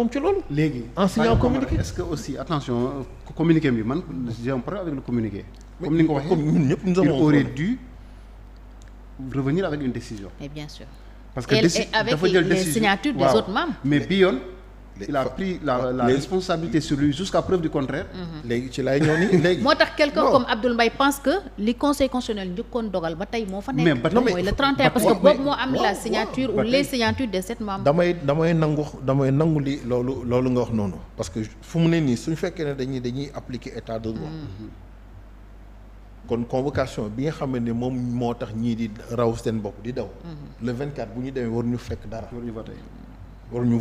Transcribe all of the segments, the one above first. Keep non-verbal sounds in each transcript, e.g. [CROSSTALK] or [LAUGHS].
moom ci loolu. léegi enseignant communiqué est-ce que aussi attention euh, communiqué bi man j'ai un problème avec le communiqué. comme ni nga waxee comme ñun ñëpp nous avons il aurait dû revenir avec une décision. mais bien sûr. parce que déci dafa jël décision et mais bi yoon. il la la responsabilité sur lui jusqu'à preuve du contraire. Mm-hmm. léegi ci lay ñëw nii léegi. moo tax quelqu'un comme Abdoul Mbaye pense que li conseil constitutionnel njëkkoon dogal ba tey moo fa nekk. mooy le 31 parce que boobu moo am la signature ou les signatures de sept membres. damay nangu damay nangu li loolu loolu nga wax noonu parce que fu mu ne nii suñu fekkee ne dañuy dañuy appliquer état de droit. Mm-hmm. kon convocation bi nga xam ne moom moo tax ñii di raw seen bopp di daw. Mm-hmm. le 24 bu ñu demee war ñu fekk dara. war ñu voté war ñu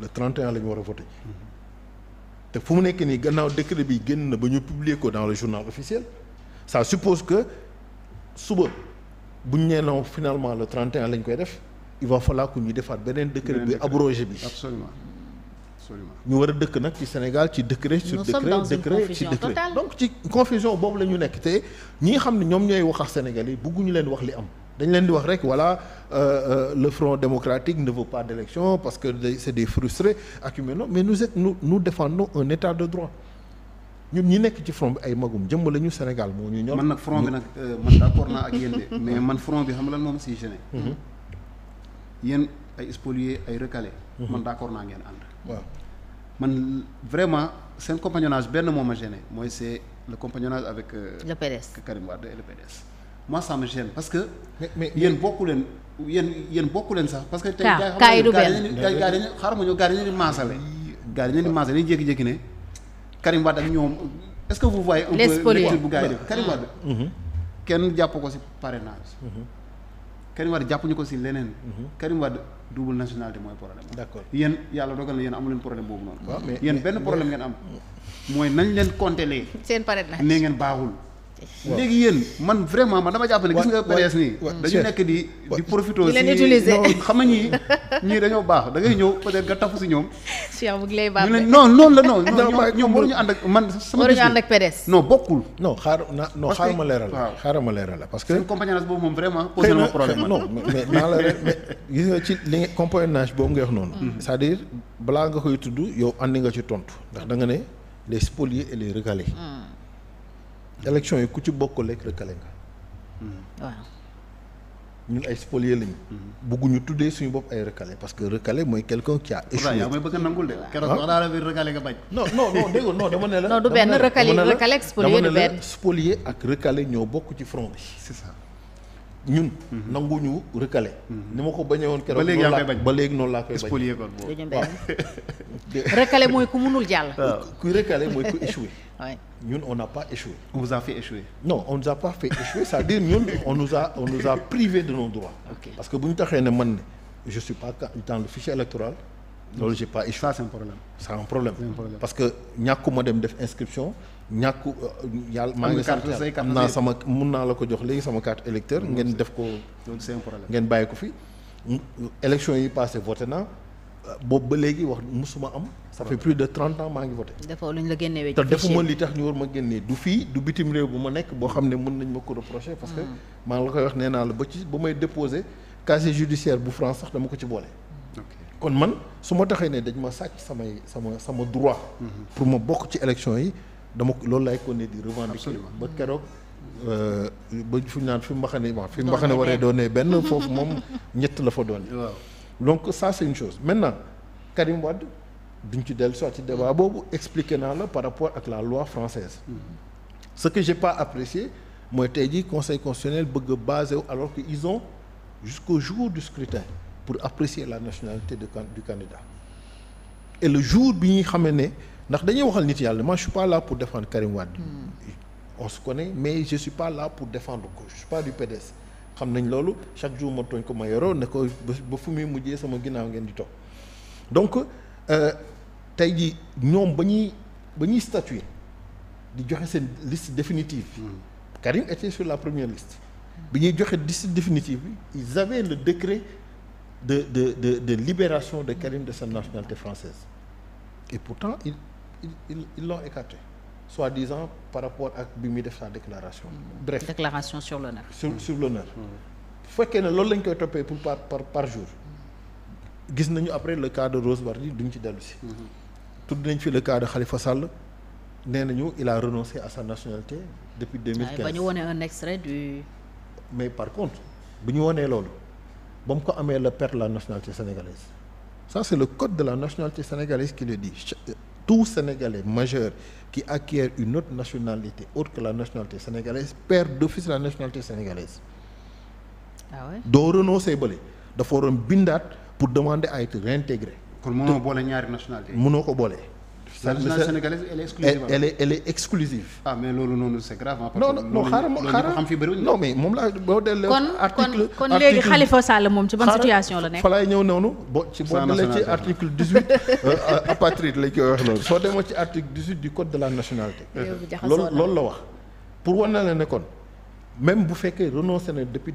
le 31 la ñu war a voté ji te fu mu nekk nii gannaaw décret bi génn na ba ñu publier ko dans le journal officiel ça suppose que suba bu ñu nee non finalement le 31 la ñu koy def il va falloir ñu defaat beneen décret bi abrogé bi. absolument absolument ñu war a dëkk nag ci Sénégal ci décret. sur décret décret ci décret donc ci confusion boobu la ñu nekk te ñi nga xam ne ñoom ñooy wax ak Sénégal yi bëgguñu leen wax li am. dañ leen di wax rek voilà euh, euh, le front démocratique ne veut pas d'élection parce que c'est des frustrés ak yu mel noonu mais nous êtes nous nous défendons un état de droit ñu ñi nekk ci front bi ay magum jëmm lañu Sénégal moo ñu ñor. man nag front bi nag euh, man d'accord naa ak yéen de mais man front bi xam nga lan moom si gêné. Mhm. yéen ay spoliés ay recalés. Mhm. man d'accord naa ngeen ànd. waaw man vraiment seen compagnonnage benn moom a gêné mooy c'est le compagnonnage avec. le PDS Karim Wade et le moi ça me gêne parce que. mais mais yéen bokku leen yéen yéen bokku leen sax parce que. tey ah, gaa yi du benn gaa gaa dañuy xaaral ma ñëw gaa dañuy maasale. gaa dañuy maasale dañuy jékki-jékki ne Karim Wade ak ñoom est-ce que vous voyez. un peu lecture bu gaa yi def Karim Wade. Mm-hmm. kenn jàpp ko ci parrainage. Mm-hmm. Karim Wade jàppuñu ko ci leneen. Mm-hmm. Karim Wade double nationalité mooy problème. d'accord yéen yàlla dogal na yéen amu leen problème boobu noonu. waaw mais yéen benn problème ngeen am. mooy nañ leen compter lee. seen parrainage nee ngeen baaxul. léegi yéen man vraiment man dama jàpp ne gis nga PDS nii dañu nekk di di profité si xam nga ñii [LAUGHS] ñii dañoo baax da ngay ñëw peut être nga si ñoom ñu non noonu la non [LAUGHS] ñoom waruñu ànd man sama waruñu ànd ak PDS non bokkul non xaar na non xaar ma leeral la xaar ma leeral la parce que seen boobu moom vraiment posé na problème non li nga compagnonnage boobu nga wax noonu mm-hmm. cest à balaa nga koy tudd yow andi nga ci tontu ndax da nga ne les spoliés et les recalés mm. élection yi ku ci bokkul rek recalé nga. Mm-hmm. waaw. ñun ay spoliés lañu. Mm-hmm. bëgguñu tuddee suñu bopp ay recalé parce que recalé mooy quelqu'un qui a échoué. yaa may bëgg a nangul de. keroog wax naa la biir recalé du benn recalé recalé ak spolié du benn. dama ak recalé ñoo bokk ci front bi. c'est ñun. nanguñu recalé. Mhm. ni ma ko bañee woon keroog. ba léegi yaa ba léegi noonu laa koy bañ. spolié kon boobu waaw. recalé mooy ku mënul jàll. ku recalé mooy ku échoué. [LAUGHS] ñun on n'a pas échoué. on vous échouer. non on nous a pas fait échouer c'est-à-dire ñun on nous a on de nos droits. parce que bu ñu taxee ne man ne je suis pas dans le fichier électoral. loolu je pas échoué. ça c'est un problème. parce que ñàkkuma dem def inscription. ñàkk euh, yàlla maa ngi sant am naa sama mun naa la ko jox léegi sama carte électeur ngeen def ko ngeen bàyyi ko fi élection yi passé voté naa boobu ba léegi wax musuma am ça fait plus de trente ans maa ngi voté dafa luñ la génnee te defuma li tax ñu war ma génnee du fii du bitim réew bu ma nekk boo xam ne mun nañ ma ko reprocher parce que hmm. maa ngi la koy wax nee naa la ba ci ba may déposé casier judiciaire bu France sax dama ko ci boole kon man su ma taxee ne dañ ma sàcc samay sama sama droit hmm. pour ma bokk ci élection yi dama loolu lay continuer di revendiquer ba keroog euh, ba fu ñu naan fi mbaxane wax fi mbaxane waree doonee benn [LAUGHS] foofu moom ñett la fa doon donc ça c'est une chose maintenant Karim Wade duñ ci dellu soit ci débat boobu expliqué naa la par rapport ak la loi française mm-hmm. ce que j'ai pas apprécié mooy tey jii conseil constitutionnel bëgg a basé wu alors que ils ont jusqu'au jour du scrutin pour apprécier la nationalité de du candidat et le jour bi ñuy xamee ne ndax dañuy waxal nit yàlla moi je suis pas là pour défendre Karim Wade. Hmm. on se connaît mais je suis pas là pour défendre ko je suis pas xam nañ loolu chaque jour ma tooñ ko ma yoroo ne ko ba fu muy mujjee sama ginnaaw ngeen di toog donc euh, tey ji ñoom ba ñuy ba ñuy statuer di joxe seen liste définitive hmm. Karim était sur la première liste bi ñuy joxe liste définitive bi ils avaient le décret de de de de libération de Karim de sa nationalité française et pourtant ils ils l'ont écarté soi-disant par rapport ak bi muy def sa déclaration. Mm. bref déclaration sur l'honneur sur sur l'honneur bu mm. mm. fekkee ne loolu lañ koy toppee pour par par par jour. gis nañu après le cas de Rose du duñ ci dellu si. Mm-hmm. tudd nañ fi le cas de Khalifa Sall nee nañu il a renoncé à sa nationalité depuis 2015 ba ñu wonee un extrait du. mais par contre bu ñu wonee loolu ba mu ko amee la perte la nationalité sénégalaise ça c'est le code de la nationalité sénégalaise qui le dit. tout Sénégalais majeur ki acquiert une autre nationalité autre que la nationalité sénégalaise perd d'office la nationalité sénégalaise ah ouais doo renoncer bële dafa waroon bindaat pour demander à être réintégré kon mënoo boole ñaari nationalité mënoo ko boole la nationalité sénégalaise elle est exclusive. elle est elle est exclusive. ah mais loolu noonu c'est grave. non non xaaral xaaral xam fi bëriwul non mais moom laa boo dellee. article kon kon léegi Khalifa Sall moom ci ban situation la nekk. falaay ñëw noonu boo ci boo dellee ci article dix [LAUGHS] euh, soo demoo ci article dix du code de la nationalité. loolu loolu la wax pour wan na la ne kon même bu fekkee renoncé na depuis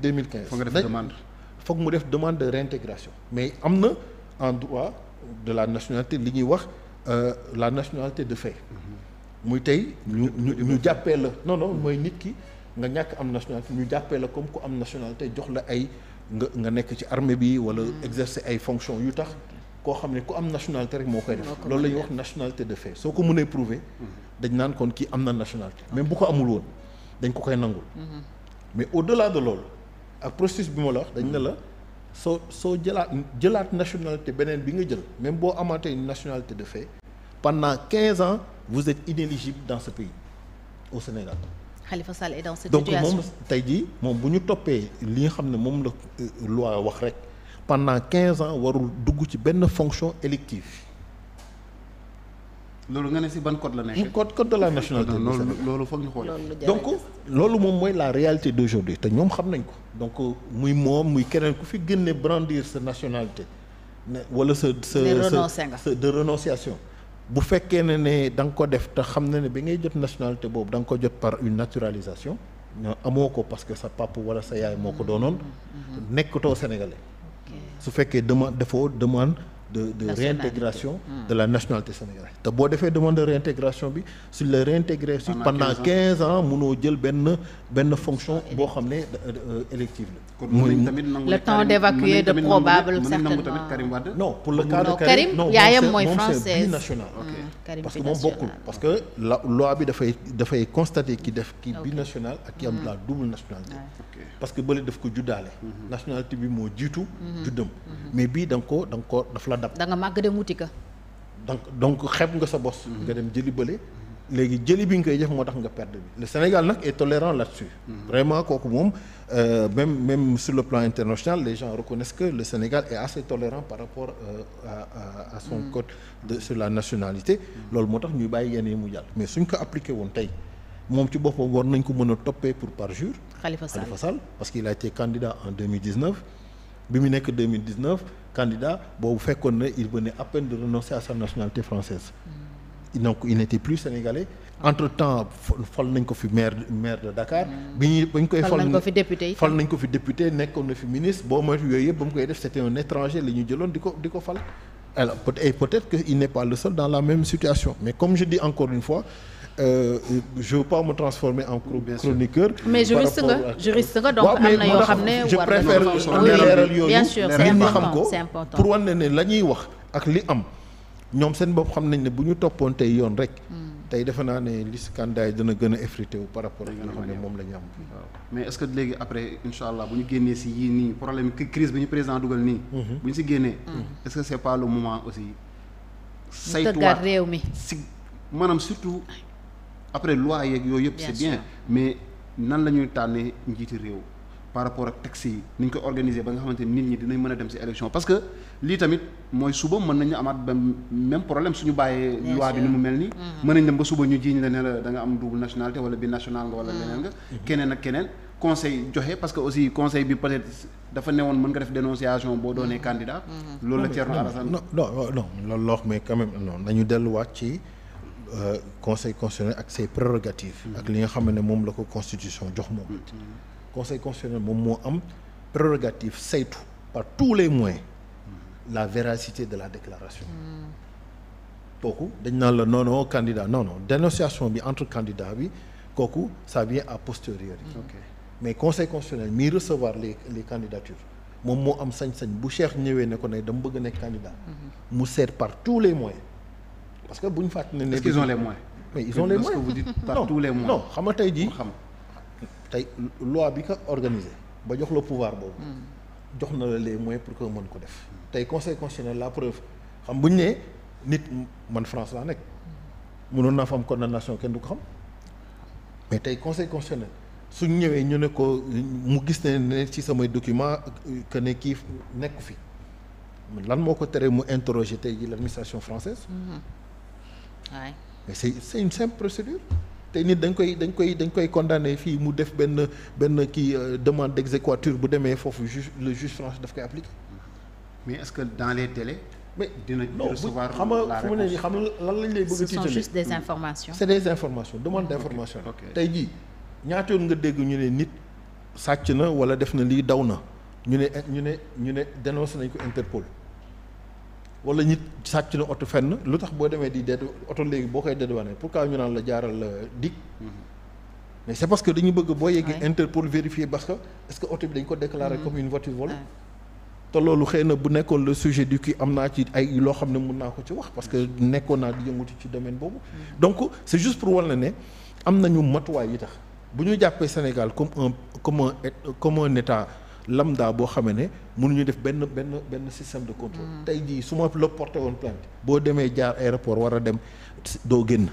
foog def demande foog mu def demande de réintégration. mais am na en droit de la nationalité li ñuy wax. Euh, la nationalité de fait mhm. muy tey ñu ñu ñu jàppee la non non mooy nit ki nga ñàkk am nationalité ñu jàppee la comme ku am nationalité jox la ay nga nekk ci armée bi wala mhm. exercer ay fonctions yu tax koo xam ne ku am nationalité rek moo koy def loolu la ñuy wax nationalité de fait soo ko mënee prouver mhm. dañ naan kon ki am na nationalité même bu ko amul woon dañ ko koy nangul mais au delà de loolu ak processus bi ma la wax dañ ne la soo soo jëlaat jëlaat nationalité beneen bi nga jël même boo amaatee nationalité de fait pendant quinze ans vous êtes inéligible dans ce pays au Sénégal. Khalifa Sall est dans cette donc moom tey jii moom bu ñu toppee li nga xam ne moom la euh, loi wax rek pendant quinze ans warul dugg ci benn fonction élective. loolu nga ne si ban code la nekk. code code de la nationalité. loolu loolu foog ñu xool donc loolu moom mooy la réalité d'aujourd'hui te ñoom xam nañ ko donc muy moom muy keneen ku fi génne brandir sa nationalité ne wala sa sa sa de renonciation bu fekkee ne ne da nga ko def te xam na ne bi ngay jot nationalité boobu da nga ko jot par une naturalisation amoo ko parce que sa papa wala sa yaay moo ko doonoon mm-hmm. nekkatoo sénégalais su fekkee demande defoo demande de de réintégration hmm. de la nationalité sénégalaise te boo defee demande de réintégration bi suñ la réintégrer si pendant quinze ans munoo jël benn benn fonction boo xam ne élective euh, euh, euh, la le temps d'évacuer de probable certainement de Karim yaayam mooy français binational hmm, parce que moom bokkul parce que la loi bi dafay dafay constater ki def ki binational ak ki am hmm. la double nationalité parce que bële daf ko juddaale nationalité bi moo jiitu juddam mais bii da nga koo da daf la dab. da nga màgg dem wuti ka. donc donc xeeb nga sa bos. nga dem jëli bële. léegi jëli bi nga koy jëf moo tax nga perd bi le Sénégal nag est tolérant là-dessus vraiment kooku moom euh, même même sur le plan international les gens reconnaissent que le Sénégal est assez tolérant par rapport euh, à, à à son mm. code sur la nationalité loolu moo tax ñuy bàyyi yenn yi mu jàll mais suñ ko appliqué woon tey moom ci boppam war nañ ko mën a toppee pour parjure Khalifa Sall parce qu'il a été candidat en 2019 bi mu nekk 2019 candidat boobu fekkoon na il venait à peine de renoncer à sa nationalité française mm. donc il n'était plus sénégalais entre temps fal nañ ko fi maire maire de Dakar. Mm. bi ñuy ba ñu koy. fal nañ ko fi député fal nañ ko fi député nekkoon na fi ministre boo moytu yooyu yëpp ba mu koy def c'était un étranger la jëloon di ko di ko fal. alors peut-être peut-être que il n'est pas le seul dans la même situation mais comme je dis encore une fois. Euh, je veux pas me transformer en chroniqueur. mais juriste nga juriste nga donc am na yoo xam ne je préfère leeral yooyu bien sûr c'est pour wane ne la wax ak li am ñoom seen bopp xam nañ ne bu ñu toppoon tey yoon rek hmm. tey defe naa ne liste candidat yi dina gën a effrité wu par rapport ak nga xam moom la ñu am mais est-ce que léegi après incha allah bu ñu génnee si yii nii problème crise bi ñu président dugal nii mhm. bu ñu si génnee hmm. est-ce que c'est pas le moment aussi saytuwaat réew mi si après loi yeeg yooyu yëpp c'est bien mais nan la ñuy tànnee njiiti réew par rapport ak taxi yi ni ñu koy organiser ba nga xamante ni nit ñi dinañ mën a dem ci élection parce que lii tamit mooy suba mën nañu amaat ba même problème suñu bàyyee loi bi ni mu mel nii mm-hmm. mën nañ dem ba suba ñu jiiñ ne la da nga am double nationalité wala bi national nga wala mm-hmm. leneen nga mm-hmm. keneen ak parce que aussi conseil bi peut-être dafa newoon mën nga def boo doonee Euh, conseil constitutionnel ak ses prérogatives mm-hmm. ak li nga xam ne moom la ko constitution jox moom mm-hmm. conseil constitutionnel moom moo am prérogative saytu par tous les moyens mm-hmm. la véracité de la déclaration kooku dañ naan la non non candidat non dénonciation bi entre candidat bi kooku ça vient à posteriori okay. mais conseil constitutionnel mi recevoir les les candidatures moom moo am sañ-sañ bu Cheikh ñëwee ne ko ne dama bëgg a nekk candidat mu seet par tous les moyens parce que bu ñu fàttali ne. est-ce qu'ils ont les moyens. mais ils ont les moyens parce que xam nga tey jii tey loi bi ko organisé ba jox la pouvoir boobu. Hmm. jox na la les moyens pour que mën ko def. tey conseil constitutionnel la preuve xam bu ñu nee nit man France laa nekk. mënoon naa fa am condamnation kenn du ko xam mais tey conseil constitutionnel suñ ñëwee ñu ne ko mu gis ne ne ci samay document que ne kii nekk fi lan moo ko teree mu interroger tey ji l'administration française hmm. waay mais c'est c'est une simple procédure te nit dañ koy dañ koy dañ koy condamné fii mu def benn benn kii euh, demande d'exéquatur bu demee foofu juge le juge France daf koy appliquer. mais est-ce que dans les délais. mais dina recevoir xam nga fu mu ne nii xam lan lañ lay bëgg a. tiitale ce sont juste des informations. c'est des informations demande d'information. tey jii ñaata yoon nga dégg ñu ne nit sàcc na wala def na lii daw na ñu ne ñu ne ñu ne dénoncé nañ ko Interpol. wala nit sàcc na oto fenn lu tax boo demee di ded oto léegi boo koy pour pourquoi ñu naan la jaaral euh, dig mm-hmm. mais c'est parce que dañu bëgg boo yeggee inter pour vérifier parce que est que oto bi dañ ko déclarer mm-hmm. comme une voiture volée te loolu xëy na bu nekkoon le sujet di kii am naa ci ay loo xam ne mun naa ko ci wax parce que nekkoon naa di yëngatu ci domaine boobu mm-hmm. donc c'est juste pour wan ne am nañu matuwaay yi tax bu ñu jàppee Sénégal comme un comme un comme lambda boo xamee ne nu ñu def benn benn benn système de contrôle. Mm. tey jii su ma la woon plainte. boo demee jaar aéroport war a dem doo génn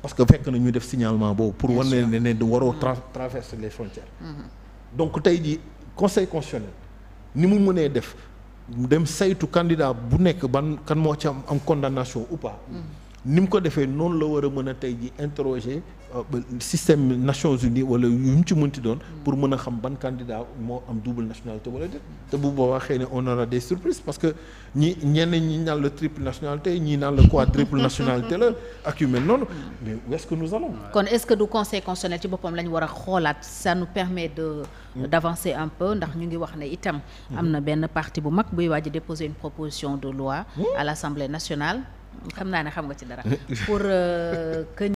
parce que fekk na ñu def signalement boobu. pour wane ne ne ne waroo mm. traverser les frontières. Mm-hmm. donc tey jii conseil constitutionnel ni mu mënee def dem saytu candidat bu nekk ban kan moo ci am am condamnation ou pas. Mm. ni mu ko defee noonu la war a mën a tey ji interroger euh, système Nations Unies wala yu mu ci mënti doon pour mën a xam ban candidat moo am double nationalité wala déet te bu boobaa xëy na on aura des surprises parce que ñi ñenn ñi naan la triple nationalité ñi naan la quadruple nationalité la ak yu mel noonu mais où est-ce que nous allons kon est-ce que du conseil constitutionnel ci boppam la ñu war a xoolaat ça nous permet de mm. d'avancer un peu ndax ñu ngi wax ne itam am na mm-hmm. benn parti bu mag buy waaj a déposer une proposition de loi mm. à l'Assemblée nationale xam naa ne xam nga ci dara pour [LAUGHS]